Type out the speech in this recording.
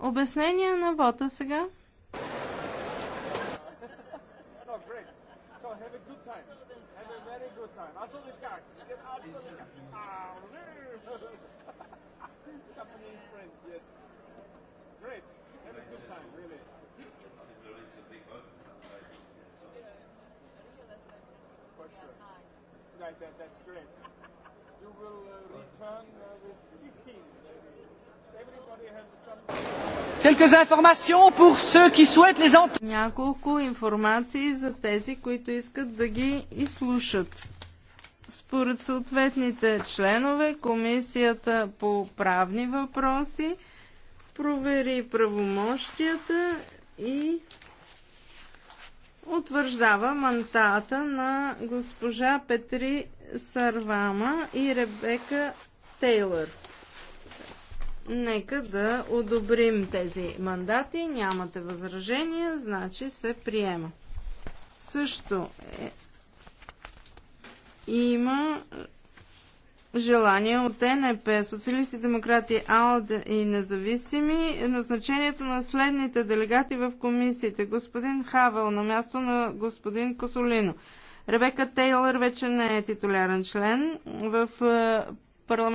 Обяснение на вота сега. Japanese friends, yes. Great. Have a good time, really. For sure. Right, that, that's great. You will uh, return uh, with 15. Everybody has some. Няколко информации за тези, които искат да ги изслушат. Според съответните членове, Комисията по правни въпроси провери правомощията и утвърждава мантата на госпожа Петри Сарвама и Ребека Тейлър. Нека да одобрим тези мандати. Нямате възражения, значи се приема. Също е, има желание от НП, социалисти, демократи, АЛД и независими назначението на следните делегати в комисиите. Господин Хавел на място на господин Косолино. Ребека Тейлър вече не е титулярен член в е, парламент